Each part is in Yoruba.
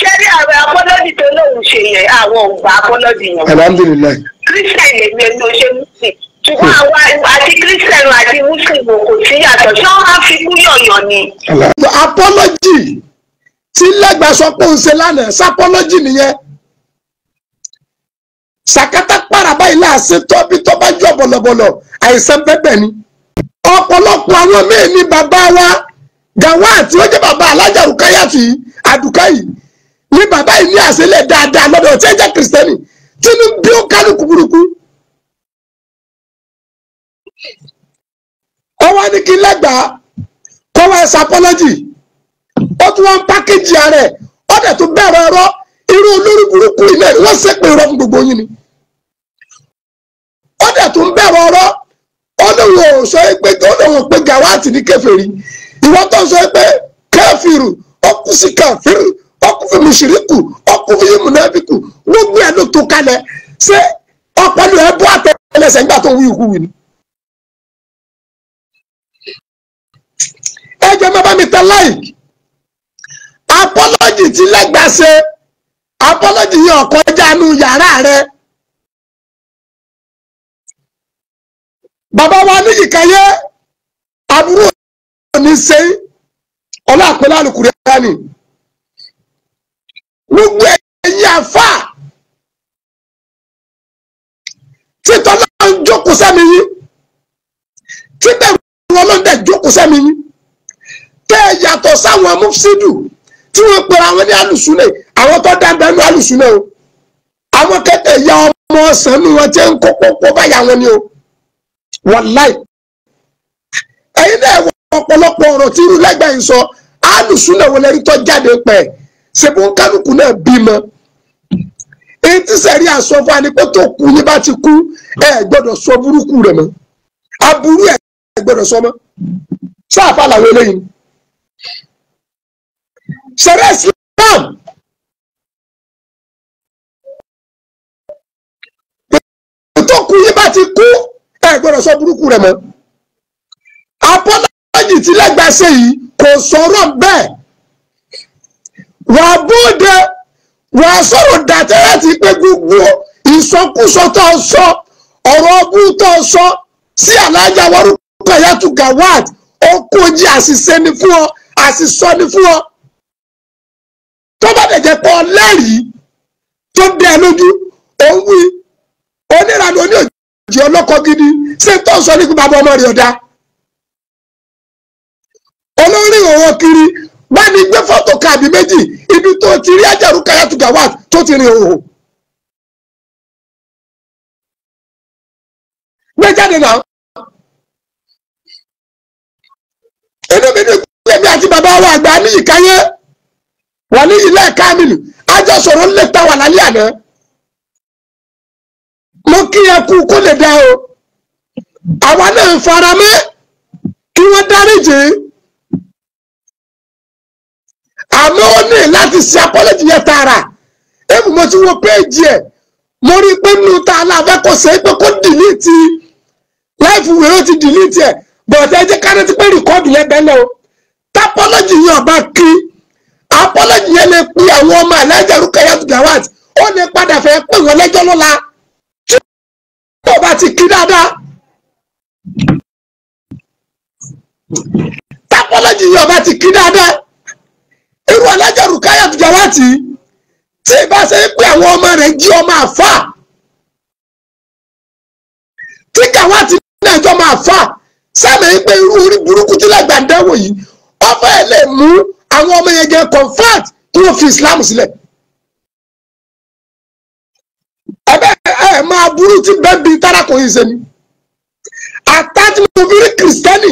ṣé ní àwọn apọ́lọ́dì tó lóun ṣe yẹn àwọn ògbà apọ́lọ́dì yẹn. alhamdulilayi. christian lè gbé ló ṣe muslim ṣùgbọ́n hmm. àwọn àti christian àti muslim kò sí yàtọ̀ ṣé wọ́n á fi kú yọ̀yàn ni. apọ́lọ́jì tí lẹ́gbà sọ pé ń ṣe lánàá sápọ́lọ́jì nìyẹn sàkátà pàràbà ilé àṣetọ́ bí tó bá jọ bọ̀lọ̀bọ̀lọ̀ àìsàn bẹ́bẹ̀ ni ọ̀pọ̀lọpọ̀ àwọn míì ní bàbá wa gàwá àti ó jẹ́ bàbá alájà rùkáyàtì àdùkáyì ní bàbá yìí ní àṣẹlẹ̀ dáadáa lọ́dọ̀ tí ẹ bí ó kálukú burúkú. ó wá ní kí lẹ́gbàá kó wá ẹsẹ̀ apọ́lọ́jì ó tún wá ń ààrẹ ó dẹ̀ tún bẹ̀rẹ̀ ọ̀rọ̀ irú olórí burúkú gbogbo yín ni. ó dẹ̀ tún bẹ̀rẹ̀ ọ̀rọ̀ ó lóun ò sọ pé ó lóun pé gàwáàtì ní ìwọ́n sí ọkùnfin mi ṣì rí kù ọkùnfin yìí múná bí kù tó ṣé ọpọlọ ẹ bọ́ àtẹlẹsẹ̀ nígbà tó wí ìkú wì ni. ẹ jẹ́ mi tẹ láìkì apọ́lọ́jì ti lẹ́gbàá ṣe apọ́lọ́jì yẹn ọ̀kọ́ jánu yàrá rẹ. bàbá wa àbúrò gbogbo ẹ̀yin àfà títọ́ náà ń jókòó sẹ́mi yín títẹ̀ wọn ló ń dẹ̀ jókòó sẹ́mi yín tẹ́ ẹ yàtọ̀ sáwọn mufsidu tí wọ́n pera wọn ní alùsùnlẹ̀ àwọn tó dáadáa ní alùsùnlẹ̀ o àwọn kẹtẹ ya ọmọ ọsàn ni wọn ti ń kó pọpọ báyà wọn ni o wàláì ẹ̀yin náà wọ ọ̀pọ̀lọpọ̀ ọ̀rọ̀ tí irú lẹgbẹẹ ń sọ alùsùnlẹ̀ wọlé rí tọ jáde pẹ ṣe bó ń kálukú náà bímọ èyí tí sẹ́rí àsọfún anipẹ́ tó kú yín bá ti kú ẹ gbọ́dọ̀ sọ burúkú rẹ̀ mọ́ aburú ẹ gbọ́dọ̀ sọ mọ́ la làwọn eléyìí ṣẹ̀rẹ́ Islam tó kú yín bá ti kú ẹ gbọ́dọ̀ sọ burúkú rẹ̀ mọ́ apọ́lọ́jì tí lẹ́gbàá ṣe yìí kò sọ̀rọ̀ bẹ́ẹ̀ wà á bóde wà á sọ̀rọ̀ dàtẹ́rẹ́ ti pé gbogbo ìsọkúsọ tó ń sọ ọ̀rọ̀ ọbú tó ń sọ sí alájà wọ́rúkọ yàtú gawad ó kojú àṣìṣe ni fún ọ àṣìṣọ ni fún ọ tó bá dẹ̀ jẹ́ lẹ́rìí tó dẹ lójú òun wí onírànú oníòjì ọlọ́kọ gidi ṣé tó ń sọ ní bàbá ọmọ rẹ̀ ọ̀dà olórí òwò kiri bá mi gbé fọ́tò kan méjì ibi tó ti rí ajaru kayatu gawat tó ti rìn òhò. gbé jáde náà inú mi ní gbẹ̀mí àti bàbá wa àgbà ní ìkáyé wà ní ilé kámìlì ajọ sọ̀rọ̀ ńlẹ̀ ta wà lálẹ́ àná mo kí ẹ kú kó lè dá o àwa náà fara mọ́ kí wọ́n àmọ́ ó ní láti ṣe nye yẹn tààrà mo ti wo péèjì ẹ̀ mo rí i pé nínú ta aláfẹ́ kò ṣe é pé kó dìlítì ti dìlítì ẹ̀ bọ̀dẹ̀ ẹ jẹ́ kárí ti pé rìkọ́ọ̀dù yẹn o tápọ́lọ́jì yẹn ọba kí apọ́lọ́jì yẹn lè pe àwọn ọmọ aláìjẹ́ Rukayat Gawat ó lè padà fẹ́ pè wọ́n lẹ́jọ́ lọ́la tí bá ti kí dáadáa yẹn ọba ti kí dáadáa. irú alájà Rukayat Jalati tí ìbá ṣe ń pè àwọn ọmọ rẹ jí ọmọ àfà tí Jalati náà jọ ọmọ fà sẹ́mi ń pè irú orí burúkú tí lágbàdá wòyí ọmọ ẹ̀ lè mú àwọn ọmọ yẹn jẹ convert kí wọ́n fi Islam sílẹ̀. ẹ̀bẹ̀ ẹ̀ máa burú tí bẹ́ẹ̀ bíi tárakùn yìí ṣe ni àtàtì mo fi rí kìrìsìtẹ́nì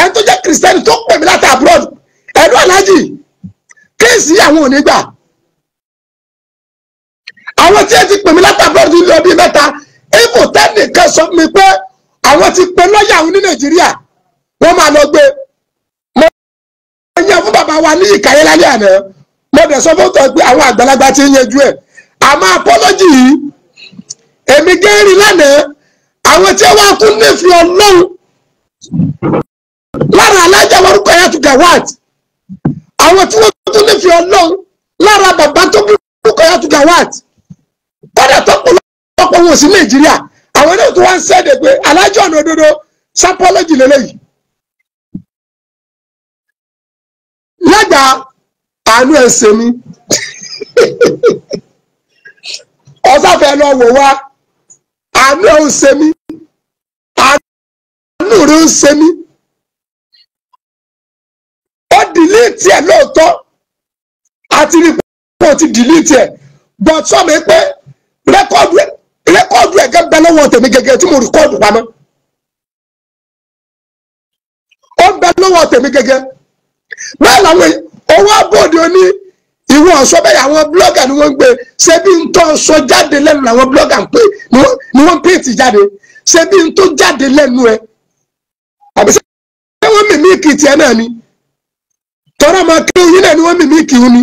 ẹ̀ tó tó láti abroad ẹ̀rú alájì. kéèsì àwọn ò ní gbà àwọn tí ẹ ti pè mí látàbọ̀rọ̀ ti lọ bíi mẹ́ta ifo tẹ́nìkan sọ mi pé àwọn ti pe lọ́ọ̀yà àwọn ní nàìjíríà wọ́n máa lọ gbé mo yẹ fún bàbá wa ní ìkàyé lálẹ́ àná mo dẹ̀ sọ fún tọ́ pé àwọn àgbàlagbà ti ń yanjú ẹ̀ àmọ́ apọ́lọ́jì yìí èmi gẹ́rì lánàá àwọn tí wọ́n kún nífẹ̀ẹ́ ọlọ́run lára alájà wọn kọ́ ẹ̀yà tó gàwáàtì àwọn tí wọ́n. tó lè fi ọlọ́run lára bàbá tó bí Rukayat Gawat kódà tó pọ̀ lọ́pọ̀ wọn sí Nàìjíríà àwọn tó wá ń sẹ́dẹ̀ pé alájọ́ ọ̀nà òdodo lélẹ́yìí. àánú ọ̀sáfẹ́ lọ wò wá àánú àti rí pò ti delete ẹ̀ but sọ mi pé rẹ́kọ́dù ẹ̀ rẹ́kọ́dù ẹ̀ gẹ́gẹ́ lọ́wọ́ tèmi gẹ́gẹ́ tí mo rìkọ́dù pamọ́ ó ń bẹ lọ́wọ́ tèmi gẹ́gẹ́ bẹ́ẹ̀ làwọn owó abóde oní ìwọ ọ̀sọ́ bẹ́ẹ̀ àwọn blọ́gà ni wọ́n ń gbé ṣé bí n tó sọ jáde lẹ́nu làwọn blọ́gà ń pè ni wọ́n ń pè tì jáde ṣé bí n tó jáde lẹ́nu ẹ̀ àbí ṣé wọ́n mímí kìtì ẹ̀ náà ni tọ́ra máa kéwìn náà ni wọ́n mímí kìí ni.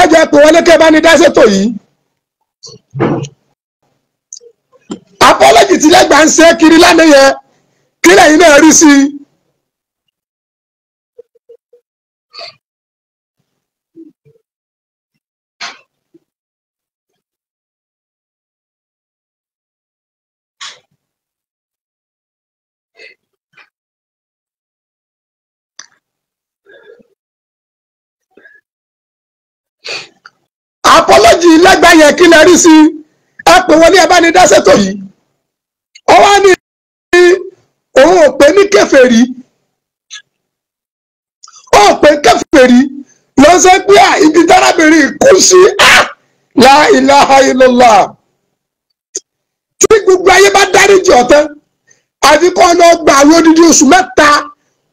ẹ jẹ́ pé wọlé kẹ́ bá ní dáṣẹ́tò yìí apọ́lọ́jì tí lẹ́gbàá ń ṣe kiri lánàá yẹn kí lẹ́yìn náà rí sí i. apology lẹ́gbàá yẹn kí lẹ rí sí ẹ pè wọ́n ní abánidáṣètò yìí ó wá ní òun ò pè ní kèfèrí ó pè ní ló ń sọ pé ibi tárábìnrin kú sí à la ilaha illallah tí gbogbo ayé bá dáríjì ọ̀tán àfi kọ́ lọ gba àwọn odidi oṣù mẹ́ta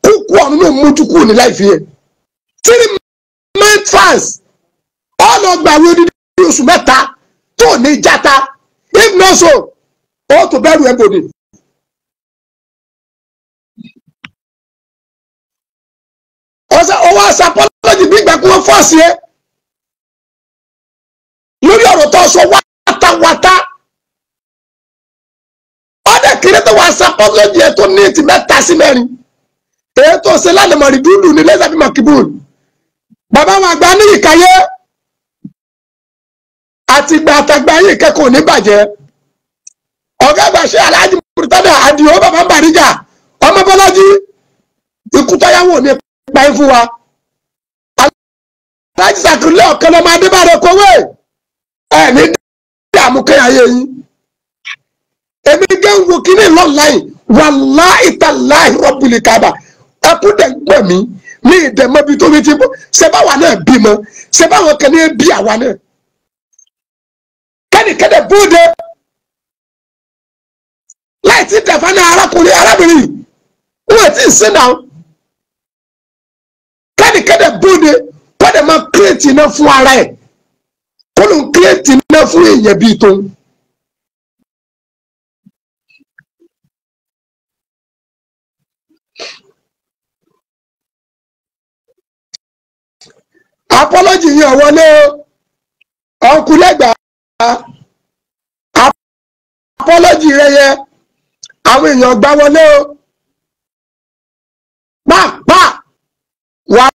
kúkú ọ̀run náà mójúkú ní láìfi three months fast lọ gbàwé odidi oṣù mẹ́ta tó ní játa if not so ó tó bẹ̀rù ẹ̀ bòde. ọwọ́ àṣàpọ́lọ́jì bí ìgbà kí wọ́n fọ́ọ̀sì ẹ lórí ọ̀rọ̀ tó sọ wátawátá ọdẹ kiri tó wọ àṣàpọ́lọ́jì ẹ tó ní ti mẹ́ta sí mẹ́rin èyí tó ṣe lánàmọ́rì dúdú ní lẹ́sàbí makibul bàbá wọn àgbà ní ìkàyé àti gba àtàgbà yìí kẹ́kọ̀ọ́ ní bàjẹ́ ọ̀gá àgbà ṣe aláàjì mùtádà àdìo bàbá ń bàríjà ọmọ bọ́lájí ìkútayáwó ní pàì fún wa aláàjì sàkúnlẹ̀ ọ̀kan lọ́mọ adébàrẹ̀ kọ́wé ẹ̀ ní dààmú kẹ́yà yé yín èmi gẹ́ ń wo kíní lọ́láì wàláì tàláì rọ́bùlì kábà ẹkú dẹ̀ gbọ̀ mí ní ìdẹ̀mọ́bi tó fi bọ́ ṣe náà bímọ ṣe báwọn kan bí àwa náà ẹnìkẹ́dẹ̀ bóde láì tí tẹ̀fá náà arákùnrin arábìnrin wọn ti sin náà kẹ́nìkẹ́dẹ̀ bóde kọ́dẹ̀ máa kírètì náà fún ara ẹ̀ kó ló ń kírètì náà fún èèyàn bíi tó ń. apọ́lọ́jì yìí ọ̀wọ́lé ọkùnlẹ́gbàá apọ́lọ́jì rẹ yẹ àwọn èèyàn gbá wọlé o pàápàá wà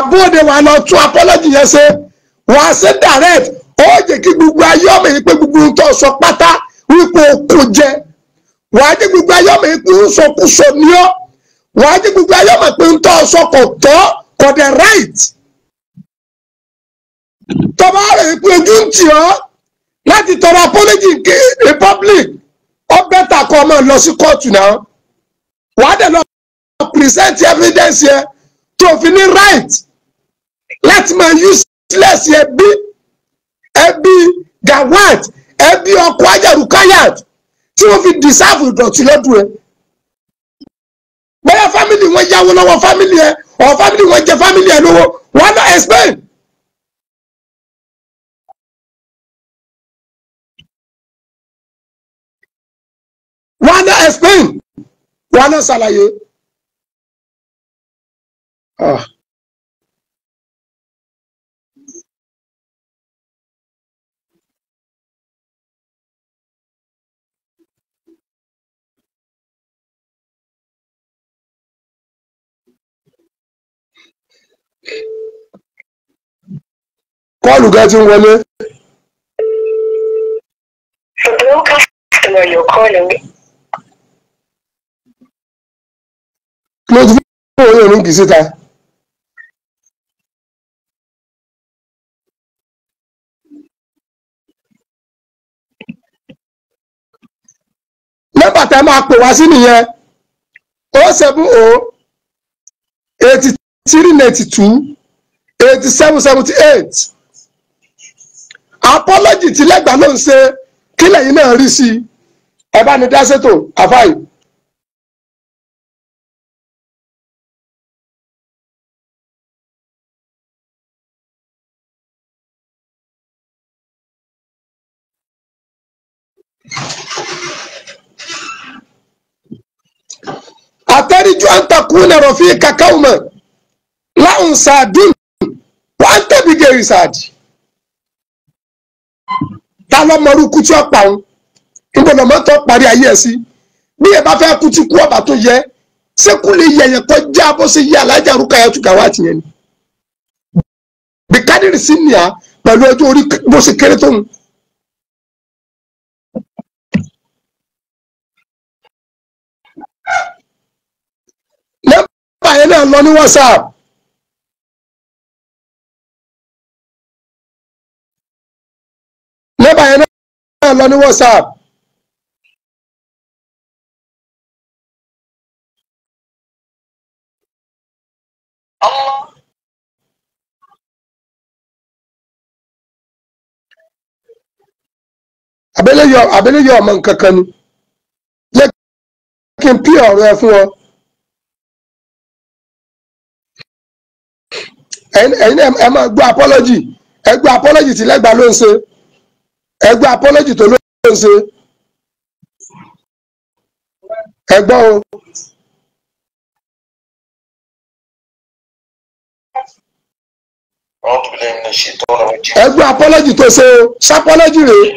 á bóde wà á lọ tún apọ́lọ́jì yẹn ṣe wà á ṣe direct ó jẹ́ kí gbogbo ayé ọmọ yìí pé gbogbo ohun tó sọ pátá wípé o kò jẹ wà á jẹ́ gbogbo ayé ọmọ yìí pé ń sọkúsọ ní ọ wà á jẹ́ gbogbo ayé ọmọ yìí pé ń tọ́ sọ kò tọ́ kò dẹ̀ right tọ́ba rẹ̀ pé ojú ń tì ọ́ láti tọrọ apology kí republic ó bẹ́tà kọ́ ọmọ lọ sí kóòtù náà wàá dẹ̀ lọ present evidence yẹn tó fi ní right láti máa useless ẹbí ẹbí gawat ẹbí ọkọ ajẹrù kayat tí wọ́n fi deserve ìdọ̀tí lọ́dún ẹ bóyá family wọn yáwó lọ́wọ́ family ẹ or family wọn jẹ family ẹ lówó wọ́n á explain. explain wa náà ṣàlàyé. Ah. kọ́ọ̀lù gan ti ń wọlé. For the new customer you're calling, kí ló ti fi kó òun òun kì í síta. nọ́mbà tá a máa pè wá sí nìyẹn o oh seven o oh eighty three ninety two eighty seven seventy eight apology tí lẹ́gbàá ló ń ṣe kílẹ̀ yìí náà rí sí ẹ bá ní dá àfáì. yariju antakuna rafika kauma lahum sadun wa anta bigeri sadi ta ló mọrú kú tí ó pa òun ìbọnà mọtò parí ayé ẹ sí bí ẹ bá fẹ́ kú tí kú ọba tó yẹ sẹkù lè yẹ yẹn kọjá bó ṣe yẹ alájà Rukayatu Gawat yẹn ni bìkádìrì sí nìyà pẹ̀lú ọjọ́ orí bó ṣe kéré tóun nọ́mbà yẹn náà lọ ní WhatsApp. na yẹn náà lọ ní WhatsApp. abẹ́lẹ́yọ̀ ọmọ nǹkan ni kí n pí ọ̀rọ̀ ẹ ẹ̀yin ẹ máa gbọ́ apology ẹ gbọ́ apology tí lẹ́gbàá ló ń ṣe ẹ gbọ́ apology tó ló ń ṣe ẹ gbọ́ o. ẹ gbọ́ apology tó ṣe o ṣapology rèé.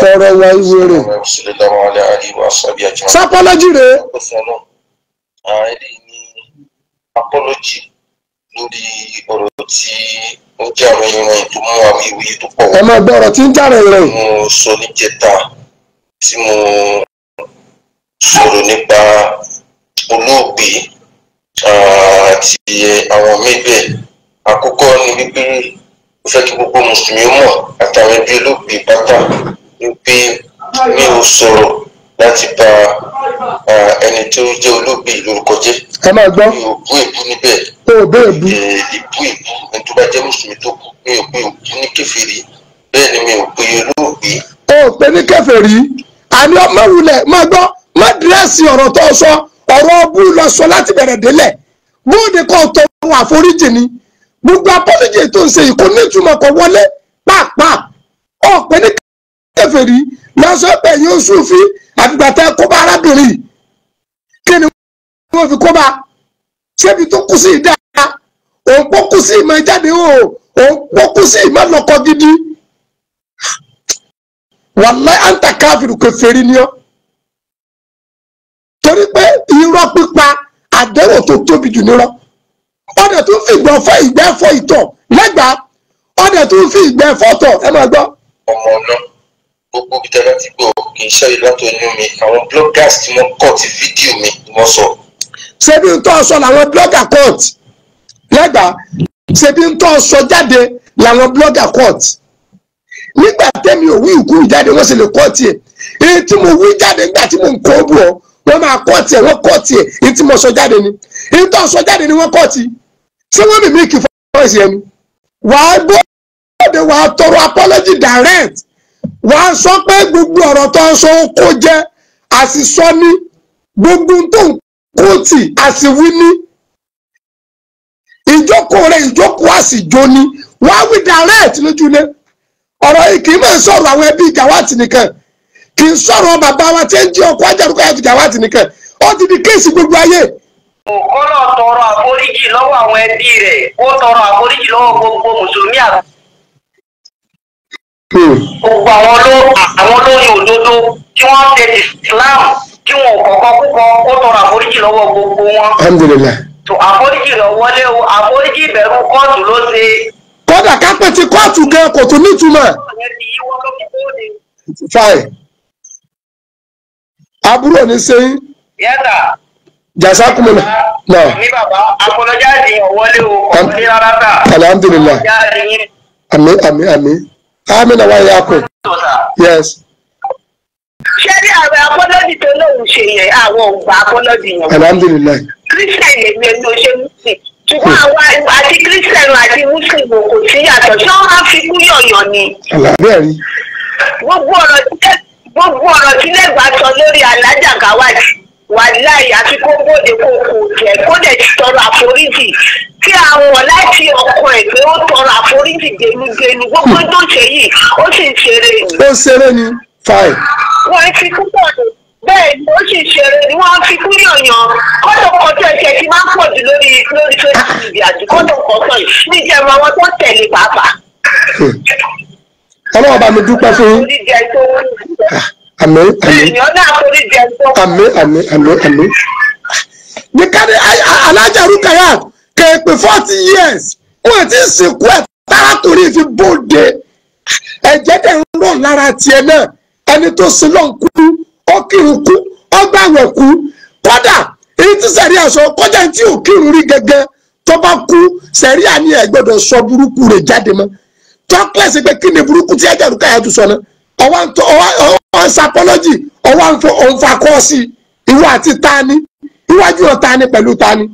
fọ̀rọ̀ wá ìwé rẹ̀. rẹ̀. ó jẹ́ àwọn ìrìn tó mú àwọn ìwé tó pọ̀ wá. ẹ máa gbọ́ ọ̀rọ̀ tí ń jàre rẹ̀. mo sọ níjẹta tí mo sọ̀rọ̀ nípa olóògbé àti àwọn míì àkọ́kọ́ ni wípé ó fẹ́ kí gbogbo mùsùlùmí mọ̀ àtàwọn ẹbí olóògbé pátá wípé mi ò sọ̀rọ̀ láti bà ẹni tó jẹ́ olóògbé lórúkọ jẹ́. ẹ máa gbọ́. mi ò bú èbú níbẹ̀. o ò bú èbú. ìbú èbú ẹni tó bá jẹ́ mùsùlùmí tó kú mi ò pe òkú ní kèfèrí bẹ́ẹ̀ ni mi ò pe olóògbé. o ò pe ní kèfèrí àní ọmọ wulẹ̀ máa gbọ́ má dírẹ́sì ọ̀rọ̀ tó sọ ọ̀rọ̀ ọbú lọ sọ láti bẹ̀rẹ̀ délẹ̀ bóde kò tọrọ àforíjì ni gbogbo àforíjì tó ń ṣe ìkóní ìtumọ̀ kò wọlé pàápàá ọ̀pẹ ní kèfèrí lọ́sọ̀pẹ̀ yín oṣù fi àgbà tẹ kóbá arábìnrin kí ni wọ́n fi kóbá ṣébi tó kù sí ìdá òun pọ́ kù sí ìmọ̀ jáde o òun pọ́ kù sí ìmọ̀ lọ́kọ gidi wàláì àǹtà káfíìrù kèfèrí ni ọ́ torí pé irọ́ pípa àdéhùn tó tóbi jù nírọ́ ọ̀dẹ̀ tó fi ìgbọ̀n fọ́ ìgbẹ́ fọ́ ìtọ̀ lẹ́gbàá ọ̀dẹ̀ tó fi ìgbẹ́ fọ́ tọ̀ ẹ máa gbọ́. ọmọ náà gbogbo ibi tẹ́lá ti gbọ́ kì í ṣe ìlọ́tò inú mi àwọn bloggers tí wọ́n cut fídíò mi wọ́n sọ. ṣebí ń tọ́ sọ làwọn blogger cut lẹ́gbàá ṣebí ń tọ́ sọ jáde làwọn blogger cut nígbà tẹ́mi ò wí ìkú ìjáde wọ́n sì lè cut ẹ̀ èyí tí mo wí jáde nígbà tí mo ń kó bù ọ́ wọ́n máa cut ẹ̀ wọ́n cut ẹ̀ èyí tí mo sọ jáde ni èyí tó sọ jáde ni wọ́n cut ṣé wọ́n mímí kì í fọ́ ẹ̀sìn ẹni wàá gbọ́ wàá tọrọ apology direct wàá sọ pé gbogbo ọ̀rọ̀ tó ń sọ ń kó jẹ́ àsìsọ ní gbogbo tó ń kó tì àsìwí ní ìjókòó rẹ ìjókòó àsìjó ni wàá wí direct lójú ilé ọ̀rọ̀ yìí kì í máa sọ̀rọ̀ àwọn ẹbí gàwátì nìkan kì í sọ̀rọ̀ bàbá wa tí ń jẹ́ ọkọ̀ ajárúkọ yàtọ̀ gàwátì nìkan ó ti di kéèsì gbogbo ayé. òkúrò tọrọ àforíjì lọ́wọ́ àwọn ẹbí rẹ̀ ó tọrọ àforíjì lọ́wọ́ gbogbo mùsùlùmí àgbà gbogbo àwọn ló àwọn lórí òdodo tí wọ́n ṣe Islam tí wọn ò kọ̀kọ́ púpọ̀ ó tọrọ àforíjì lọ́wọ́ gbogbo wọn. alhamdulilayi. tó àforíjì lọ wọlé o àforíjì ìbẹ̀rù kóòtù ló ṣe. kódà kápẹ́ ti kóòtù gan kò tún nítumọ̀. fàì àbúrò ní sẹ́yìn. yẹ́tà. jàsá kúmọ̀ náà. ní bàbá apọlọjáde ìyàn wọlé o kò ní rárá tà. alhamdulilayi. àmín àmín àmín amina wa yakun yes. ṣé ní ààrẹ apọ́lọ́dì tó lóun ṣe yẹn àwọn ògbà apọ́lọ́dì yẹn. alhamdulilayi. christian lèmi ẹni oṣù muslim ṣùgbọ́n àwọn àti christian àti muslim kò sí yàtọ̀ ṣé wọ́n á fi kú yọ̀yàn ni. àlàáfíà rí. gbogbo ọ̀rọ̀ tí gbogbo ọ̀rọ̀ tí lẹ́gbàá sọ lórí alájà káwájì wàláì àti kó bóde kó kò jẹ́ kó dẹ̀ ti tọrọ àforíjì kí a ó tọrọ àforíjì gbénugbénu gbogbo tó ṣe yìí ó sì ń ṣeré ni. ó ṣeré ni fine. wọ́n ti kú pọ̀ ní bẹ́ẹ̀ ni ó sì ṣeré ni wọ́n fi kú yànyàn kọ́tọ̀ kọ́tọ̀ ẹ̀ṣẹ̀ ti máa ń pọ̀ jù lórí lórí social media àti kọ́tọ̀ kọ́tọ̀ yìí níjẹ̀rọ àwọn tó tẹ̀lé pàápàá. Hmm. ọlọ́wọ́ bá mi dúpẹ́ fún yín. àmì àmì àmì àmì àmì. nìkan ni alájà rúkàyà kẹ̀ẹ́pẹ̀ forty years wọn àti ìsìnkú ẹ̀ tára torí fi bóde ẹ̀jẹ̀ dẹ̀ ń rọ̀ lára tiẹ̀ náà ẹni tó sin lọ́n kú ó kírun kú ó gbàwẹ̀ kú kódà èyí tí sẹ̀rí àṣọ kọjá tí ò kírun rí gẹ́gẹ́ tó bá kú sẹ̀rí àní ẹ̀ gbọ́dọ̀ sọ burúkú rẹ̀ jáde mọ́ tọ́kílẹ̀sì pé kí ni burúkú tí ẹ̀jẹ̀ rúkà yà tún sọ náà ọwọ́ ń tọ́ ọwọ́ ń sapọ́lọ́jì ọwọ́ ń fa kọ́ sí ìwọ àti tani iwájú ọ̀ pẹ̀lú tani.